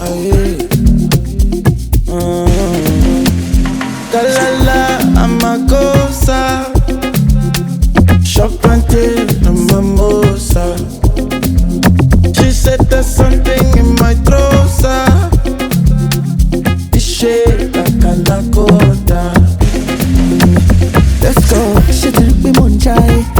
ayé. Mm-hmm. Ah. Ah. She said there's something in my trouser. like a nakoda. Let's go. Ṣé ti rí pé mò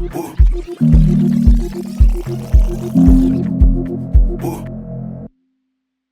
Ooh.